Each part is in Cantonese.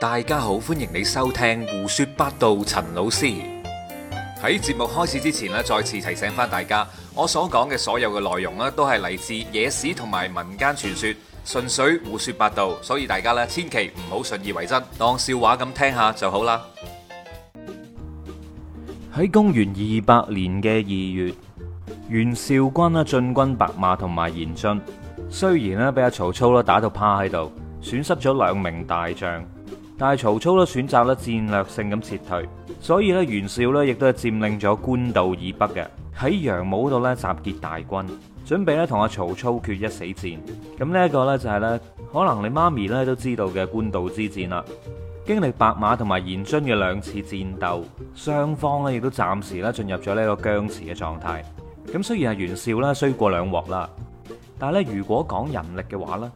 大家好，歡迎你收聽胡說八道。陳老師喺節目開始之前咧再次提醒翻大家，我所講嘅所有嘅內容咧都係嚟自野史同埋民間傳說，純粹胡說八道，所以大家咧千祈唔好信以為真，當笑話咁聽下就好啦。喺公元二百年嘅二月，袁紹軍啊進軍白馬同埋延津，雖然咧俾阿曹操啦打到趴喺度，損失咗兩名大將。但係曹操都選擇咧戰略性咁撤退，所以袁紹亦都係佔領咗官道以北嘅喺楊武嗰度集結大軍，準備咧同阿曹操決一死戰。咁呢一個呢，就係呢可能你媽咪都知道嘅官道之戰啦。經歷白馬同埋延津嘅兩次戰鬥，雙方呢亦都暫時咧進入咗呢個僵持嘅狀態。咁雖然係袁紹呢，衰過兩鑊啦，但係咧如果講人力嘅話呢，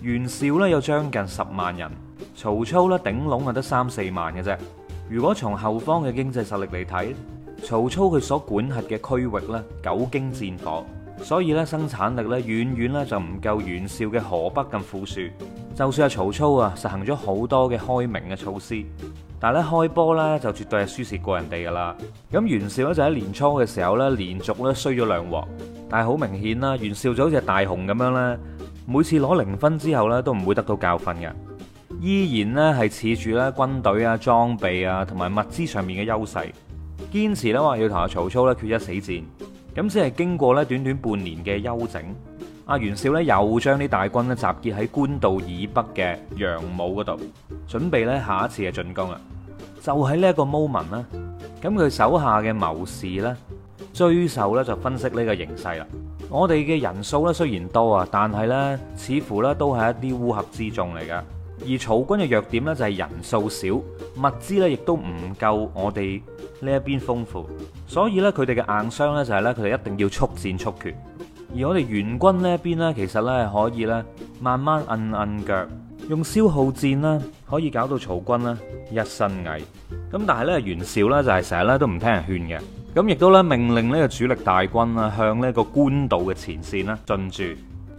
袁紹呢，有將近十萬人。曹操咧頂籠啊，得三四萬嘅啫。如果從後方嘅經濟實力嚟睇，曹操佢所管轄嘅區域咧久經戰火，所以咧生產力咧遠遠咧就唔夠袁紹嘅河北咁富庶。就算係曹操啊，實行咗好多嘅開明嘅措施，但係咧開波咧就絕對係輸蝕過人哋噶啦。咁袁紹咧就喺年初嘅時候咧連續咧衰咗兩鑊，但係好明顯啦，袁紹就好似大雄咁樣咧，每次攞零分之後咧都唔會得到教訓嘅。依然咧係恃住咧軍隊啊、裝備啊同埋物資上面嘅優勢，堅持咧話要同阿曹操咧決一死戰。咁先係經過咧短短半年嘅休整，阿袁紹咧又將啲大軍咧集結喺官渡以北嘅陽武嗰度，準備咧下一次嘅進攻啦。就喺呢一個 moment 啦，咁佢手下嘅謀士咧，沮授咧就分析呢個形勢啦。我哋嘅人數咧雖然多啊，但係咧似乎咧都係一啲烏合之眾嚟噶。而曹軍嘅弱點呢，就係人數少，物資呢亦都唔夠我哋呢一邊豐富，所以呢，佢哋嘅硬傷呢，就係呢，佢哋一定要速戰速決，而我哋袁軍呢一邊呢，其實咧可以呢，慢慢摁摁腳，用消耗戰呢，可以搞到曹軍呢一身蟻。咁但係呢，袁紹呢，就係成日咧都唔聽人勸嘅，咁亦都呢，命令呢個主力大軍啦向呢個官渡嘅前線呢進駐，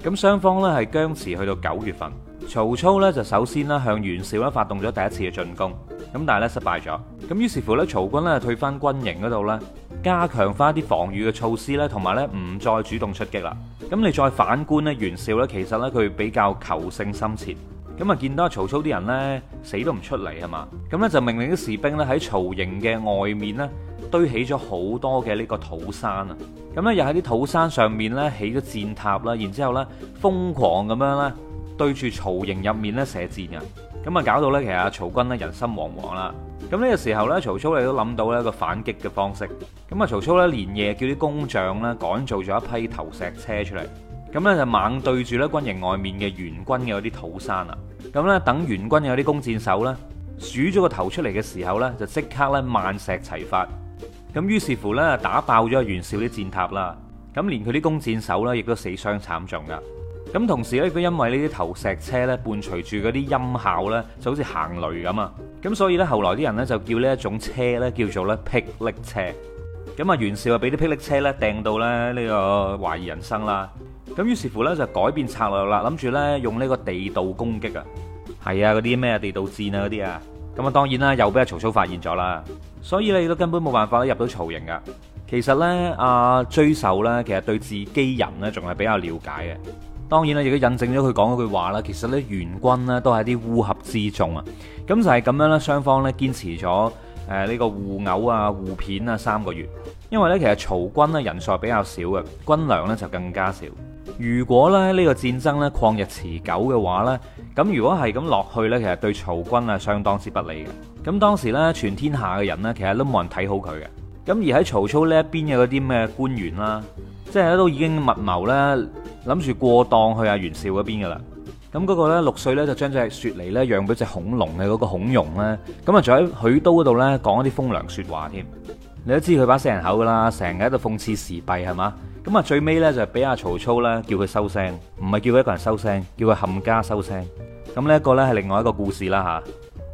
咁雙方呢，係僵持去到九月份。曹操呢，就首先呢向袁紹呢，發動咗第一次嘅進攻，咁但係咧失敗咗。咁於是乎呢，曹軍呢，退翻軍營嗰度呢，加強翻啲防禦嘅措施咧，同埋咧唔再主動出擊啦。咁你再反觀呢，袁紹呢，其實呢，佢比較求勝心切，咁啊見到曹操啲人呢，死都唔出嚟係嘛，咁呢，就命令啲士兵呢，喺曹營嘅外面呢，堆起咗好多嘅呢個土山啊，咁呢，又喺啲土山上面呢，起咗戰塔啦，然之後呢，瘋狂咁樣啦。對住曹營入面咧射箭啊，咁啊搞到咧其實曹軍咧人心惶惶啦。咁呢個時候呢，曹操你都諗到呢個反擊嘅方式。咁啊，曹操呢，連夜叫啲工匠呢，趕做咗一批投石車出嚟。咁呢，就猛對住呢軍營外面嘅袁軍嘅嗰啲土山啊。咁呢，等袁軍有啲弓箭手呢，數咗個頭出嚟嘅時候呢，就即刻呢，萬石齊發。咁於是乎呢，打爆咗袁紹啲箭塔啦。咁連佢啲弓箭手呢，亦都死傷慘重噶。咁同時咧，亦都因為呢啲投石車咧，伴隨住嗰啲音效咧，就好似行雷咁啊。咁所以咧，後來啲人咧就叫呢一種車咧叫做咧霹靂車。咁啊，袁紹啊，俾啲霹靂車咧掟到咧呢個懷疑人生啦。咁於是乎咧就改變策略啦，諗住咧用呢個地道攻擊啊。係啊，嗰啲咩地道戰啊嗰啲啊。咁啊，當然啦，又俾阿曹操發現咗啦。所以亦都根本冇辦法咧入到曹營噶。其實咧，阿追手咧，其實對自己人咧仲係比較了解嘅。當然咧，亦都印證咗佢講嗰句話啦。其實呢，援軍呢都係啲烏合之眾啊。咁就係、是、咁樣咧，雙方呢堅持咗誒呢個互毆啊、互片啊三個月。因為呢，其實曹軍咧人數比較少嘅，軍糧呢就更加少。如果咧呢個戰爭呢曠日持久嘅話呢，咁如果係咁落去呢，其實對曹軍啊相當之不利嘅。咁當時呢，全天下嘅人呢，其實都冇人睇好佢嘅。咁而喺曹操呢一邊嘅嗰啲咩官員啦，即係都已經密謀啦。諗住過檔去阿袁紹嗰邊噶啦。咁、那、嗰個呢，六歲呢，就將隻雪梨呢養俾隻恐龍嘅嗰個孔融呢，咁啊，仲喺許都嗰度呢講一啲風涼說話添。你都知佢把死人口噶啦，成日喺度諷刺時弊係嘛。咁啊，最尾呢，就俾阿曹操呢叫佢收聲，唔係叫佢一個人收聲，叫佢冚家收聲。咁呢一個咧係另外一個故事啦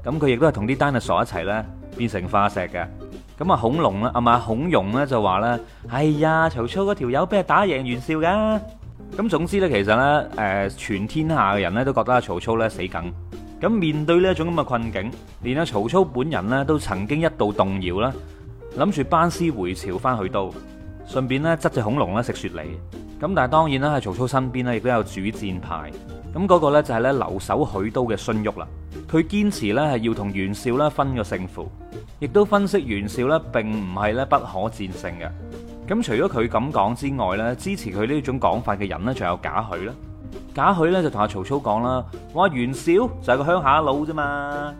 吓。咁佢亦都係同啲丹啊傻一齊呢，變成化石嘅。咁啊，恐龍啊，阿嘛孔融呢，就話呢：「哎呀，曹操嗰條友俾佢打贏袁紹噶。咁總之呢，其實呢，誒、呃，全天下嘅人呢都覺得曹操呢死梗。咁面對呢一種咁嘅困境，連阿曹操本人呢都曾經一度動搖啦，諗住班師回朝翻許都，順便呢執隻恐龍呢食雪梨。咁但係當然啦，喺曹操身邊呢亦都有主戰派。咁、那、嗰個呢就係呢留守許都嘅荀彧啦，佢堅持呢係要同袁紹呢分個勝負，亦都分析袁紹呢並唔係呢不可戰勝嘅。咁除咗佢咁講之外呢，支持佢呢種講法嘅人呢，仲有賈詡啦。賈詡呢，就同阿曹操講啦，話袁紹就係個鄉下佬啫嘛，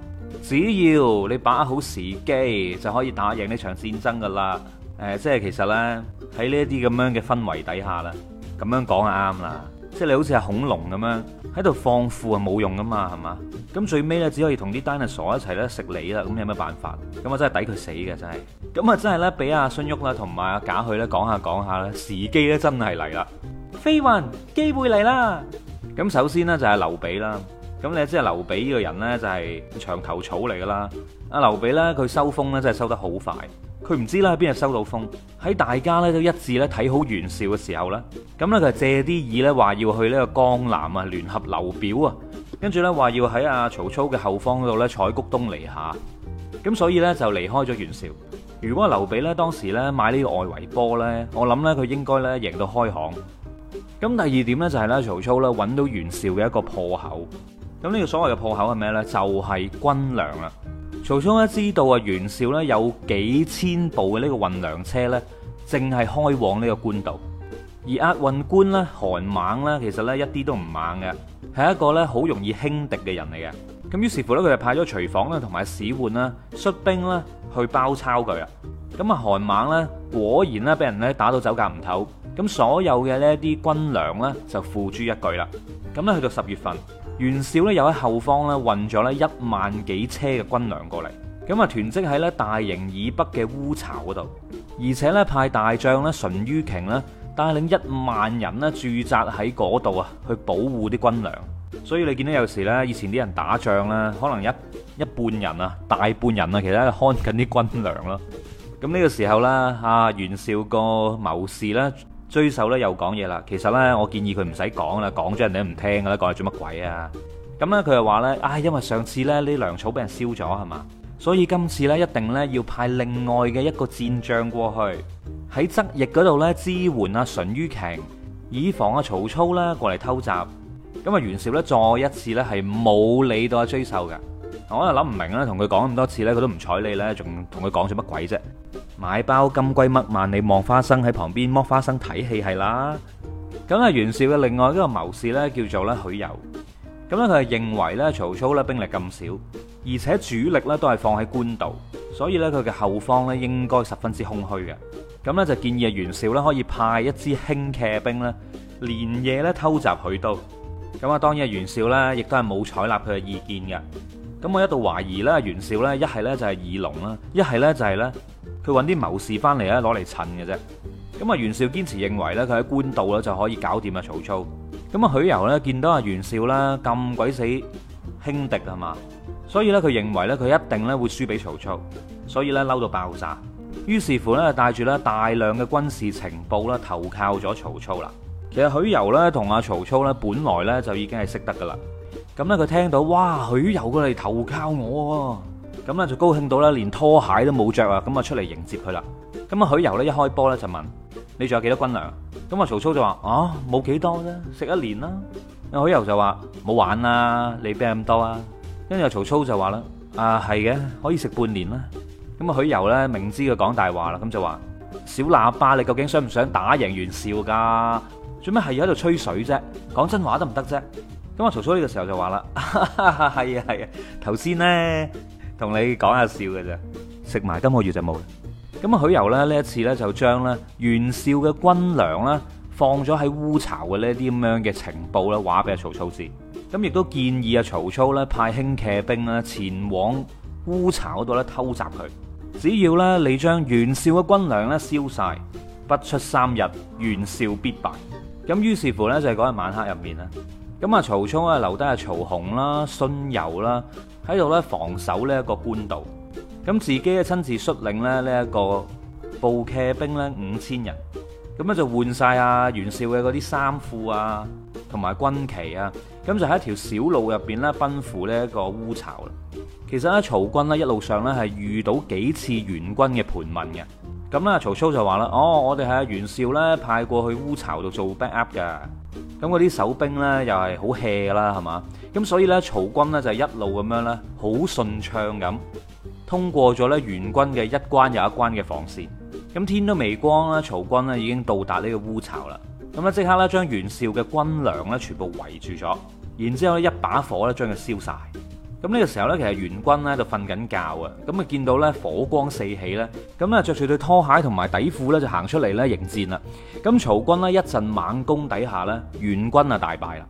只要你把握好時機，就可以打贏呢場戰爭噶啦、呃。即係其實呢，喺呢一啲咁樣嘅氛圍底下啦，咁樣講啱啦。即係你好似係恐龍咁樣喺度放庫啊，冇用噶嘛係嘛，咁最尾咧只可以同啲丹啊傻一齊咧食你啦，咁有咩辦法？咁啊真係抵佢死嘅真係，咁啊真係咧俾阿荀彧啦同埋阿賈詡咧講下講下咧時機咧真係嚟啦，飛雲機會嚟啦。咁首先呢，就係劉備啦，咁你知阿劉備呢個人咧就係牆頭草嚟噶啦，阿劉備咧佢收風咧真係收得好快。佢唔知啦，邊日收到風，喺大家咧都一致咧睇好袁紹嘅時候咧，咁咧佢借啲意咧話要去呢個江南啊聯合劉表啊，跟住咧話要喺阿曹操嘅後方嗰度咧採菊東籬下，咁所以咧就離開咗袁紹。如果劉備咧當時咧買呢個外圍波咧，我諗咧佢應該咧贏到開行。咁第二點咧就係咧曹操咧揾到袁紹嘅一個破口，咁呢個所謂嘅破口係咩咧？就係軍糧啊！曹操咧知道啊，袁紹咧有幾千部嘅呢個運糧車咧，淨係開往呢個官渡。而押運官咧韓猛呢，其實呢一啲都唔猛嘅，係一個咧好容易輕敵嘅人嚟嘅。咁於是乎咧，佢就派咗徐晃咧同埋史渙啦，率兵啦去包抄佢啊。咁啊，韓猛咧果然咧俾人咧打到走夾唔唞，咁所有嘅呢啲軍糧咧就付諸一炬啦。咁咧，去到十月份。袁紹咧又喺後方咧運咗咧一萬幾車嘅軍糧過嚟，咁啊囤積喺咧大營以北嘅烏巢嗰度，而且咧派大將咧淳于瓊咧帶領一萬人咧駐紮喺嗰度啊，去保護啲軍糧。所以你見到有時咧以前啲人打仗咧，可能一一半人啊，大半人啊，其實喺看緊啲軍糧咯。咁呢個時候咧，阿袁紹個謀士咧。追壽咧又講嘢啦，其實呢，我建議佢唔使講啦，講咗人哋都唔聽噶啦，講嚟做乜鬼啊？咁呢，佢又話呢：「唉，因為上次呢，啲糧草俾人燒咗係嘛，所以今次呢，一定呢要派另外嘅一個戰將過去喺側翼嗰度呢支援啊淳于瓊，以防啊曹操呢過嚟偷襲。咁啊袁紹呢，再一次呢係冇理到阿、啊、追壽嘅，我又諗唔明啦，同佢講咁多次呢，佢都唔睬你呢，仲同佢講咗乜鬼啫？買包金龜乜萬里望花生喺旁邊剝花生睇戲係啦。咁啊，袁紹嘅另外一個謀士呢，叫做咧許攸。咁咧，佢係認為咧，曹操咧兵力咁少，而且主力咧都係放喺官渡，所以他的呢，佢嘅後方咧應該十分之空虛嘅。咁咧就建議啊，袁紹咧可以派一支輕騎兵呢，連夜咧偷襲許都。咁啊，當然啊，袁紹呢亦都係冇採納佢嘅意見嘅。咁我一度懷疑咧，袁紹呢一係呢就係耳聾啦，一係呢就係呢。佢揾啲謀士翻嚟咧，攞嚟襯嘅啫。咁啊，袁紹堅持認為呢佢喺官渡啦就可以搞掂啊曹操。咁啊，許攸呢，見到阿袁紹啦咁鬼死輕敵係嘛，所以呢，佢認為呢，佢一定呢會輸俾曹操，所以呢嬲到爆炸。於是乎呢，帶住呢大量嘅軍事情報啦投靠咗曹操啦。其實許攸呢，同阿曹操呢，本來呢就已經係識得㗎啦。咁呢，佢聽到哇，許攸過嚟投靠我喎。咁就高興到咧，連拖鞋都冇着，啊！咁啊出嚟迎接佢啦。咁啊許攸咧一開波咧就問：你仲有幾多軍糧？咁啊曹操就話：啊冇幾多啫，食一年啦。許攸就話：冇玩啦，你畀咁多啊？跟住啊曹操就話啦：啊係嘅，可以食半年啦。咁啊許攸咧明知佢講大話啦，咁就話：小喇叭，你究竟想唔想打贏袁紹㗎？做咩係要喺度吹水啫？講真話得唔得啫？咁、嗯、啊曹操呢個時候就話啦：係啊係啊，頭先呢。」同你講下笑嘅啫，食埋今個月就冇啦。咁啊，許攸呢一次呢，就將咧袁紹嘅軍糧呢放咗喺烏巢嘅呢啲咁樣嘅情報呢話俾阿曹操知。咁亦都建議阿曹操呢派輕騎兵呢前往烏巢嗰度咧偷襲佢。只要呢，你將袁紹嘅軍糧呢燒晒，不出三日袁紹必敗。咁於是乎呢，就係嗰日晚黑入面啦。咁啊曹操咧留低阿曹洪啦、荀攸啦。喺度咧防守呢一個官渡，咁自己咧親自率領咧呢一個步騎兵咧五千人，咁咧就換晒啊袁紹嘅嗰啲衫褲啊，同埋軍旗啊，咁就喺一條小路入邊咧奔赴呢一個烏巢啦。其實咧曹軍咧一路上咧係遇到幾次袁軍嘅盤問嘅。咁呢，曹操就話啦，哦，我哋係袁紹咧派過去烏巢度做 backup 嘅，咁嗰啲守兵咧又係好 hea 啦，係嘛，咁所以咧曹軍咧就一路咁樣咧好順暢咁通過咗咧袁軍嘅一關又一關嘅防線，咁天都未光啦，曹軍呢已經到達呢個烏巢啦，咁咧即刻咧將袁紹嘅軍糧咧全部圍住咗，然之後咧一把火咧將佢燒晒。咁、這、呢個時候呢，其實袁軍呢就瞓緊覺啊，咁啊見到呢火光四起呢，咁咧着住對拖鞋同埋底褲呢就行出嚟呢迎戰啦。咁曹軍呢，一陣猛攻底下呢，袁軍啊大敗啦。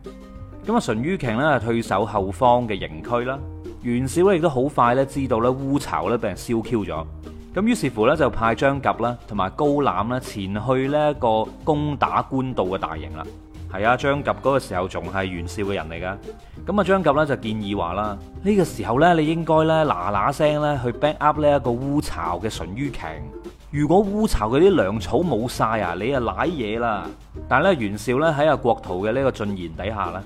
咁啊，淳于瓊呢退守後方嘅營區啦。袁紹呢亦都好快呢知道呢烏巢呢被人燒 Q 咗。咁於是乎呢，就派張郃啦同埋高覽呢前去一個攻打官渡嘅大營啦。係啊，張郃嗰個時候仲係袁紹嘅人嚟噶。咁啊張郃咧就建議話啦，呢個時候呢，你應該呢嗱嗱聲呢去 back up 呢一個烏巢嘅淳於瓊。如果烏巢佢啲糧草冇晒啊，你啊賴嘢啦。但係咧袁紹呢喺阿郭圖嘅呢個進言底下呢，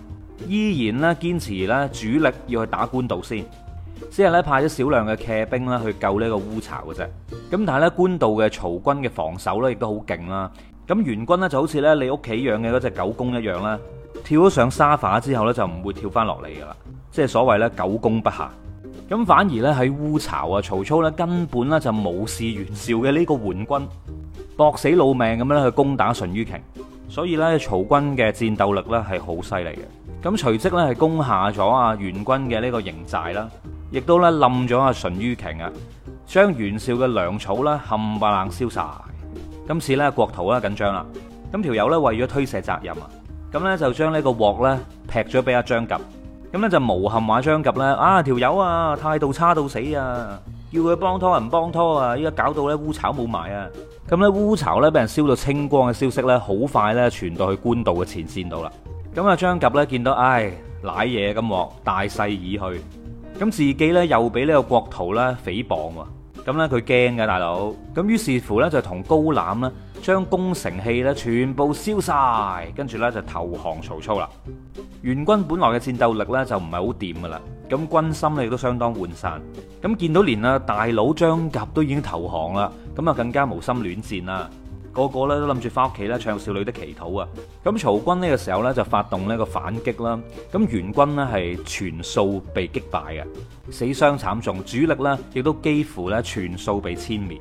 依然呢堅持呢主力要去打官渡先，先係呢，派咗少量嘅騎兵呢去救呢個烏巢嘅啫。咁但係呢，官渡嘅曹軍嘅防守呢，亦都好勁啦。咁袁軍呢，就好似咧你屋企養嘅嗰隻狗公一樣啦，跳咗上沙發之後咧就唔會跳翻落嚟噶啦，即係所謂咧狗公不下。咁反而咧喺烏巢啊，曹操咧根本咧就冇視袁紹嘅呢個援軍，搏死老命咁樣去攻打淳于瓊，所以咧曹軍嘅戰鬥力咧係好犀利嘅。咁隨即咧係攻下咗啊袁軍嘅呢個營寨啦，亦都咧冧咗啊淳于瓊啊，將袁紹嘅糧草咧冚唪唥燒殺。今次咧郭圖咧緊張啦，咁條友咧為咗推卸責任，咁咧就將呢個鑊咧劈咗俾阿張郃，咁咧就無憾話張郃啦啊條友、這個、啊態度差到死啊，叫佢幫拖唔幫拖啊，依家搞到咧烏巢冇埋啊，咁咧烏巢咧俾人燒到清光嘅消息咧好快咧傳到去官渡嘅前線度啦，咁阿張郃咧見到唉賴嘢咁鑊，大勢已去，咁自己咧又俾呢個郭圖咧誹謗喎。咁呢，佢驚嘅大佬，咁於是乎呢，就同高覽呢將攻城器呢全部燒晒，跟住呢就投降曹操啦。袁軍本來嘅戰鬥力呢，就唔係好掂噶啦，咁軍心呢，亦都相當渙散，咁見到連啊大佬張郃都已經投降啦，咁啊更加無心戀戰啦。個個咧都諗住翻屋企咧唱少女的祈禱啊！咁曹軍呢個時候呢，就發動呢個反擊啦，咁袁軍呢，係全數被擊敗嘅，死傷慘重，主力呢，亦都幾乎咧全數被殲滅。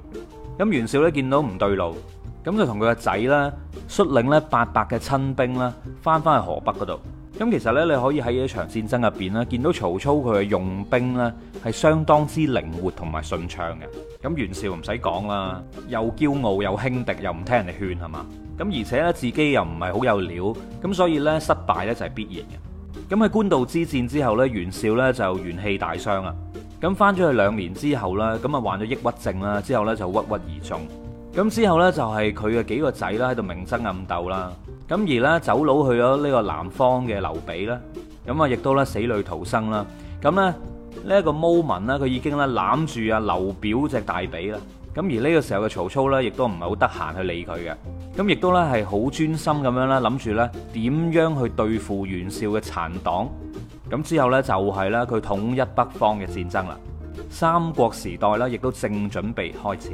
咁袁紹呢，見到唔對路，咁就同佢個仔啦，率領咧八百嘅親兵啦，翻返去河北嗰度。咁其實咧，你可以喺一場戰爭入邊咧，見到曹操佢嘅用兵咧係相當之靈活同埋順暢嘅。咁袁紹唔使講啦，又驕傲又輕敵，又唔聽人哋勸係嘛？咁而且咧自己又唔係好有料，咁所以咧失敗咧就係必然嘅。咁喺官渡之戰之後咧，袁紹咧就元氣大傷啦。咁返咗去兩年之後咧，咁啊患咗抑鬱症啦，之後咧就鬱鬱而終。咁之後呢，就係佢嘅幾個仔啦，喺度明爭暗鬥啦。咁而呢，走佬去咗呢個南方嘅劉備啦，咁啊，亦都咧死裏逃生啦。咁呢，呢一個 moment 呢，佢已經咧攬住啊劉表隻大髀啦。咁而呢個時候嘅曹操呢，亦都唔係好得閒去理佢嘅。咁亦都呢，係好專心咁樣咧，諗住呢點樣去對付袁紹嘅殘黨。咁之後呢，就係呢佢統一北方嘅戰爭啦。三國時代呢，亦都正準備開始。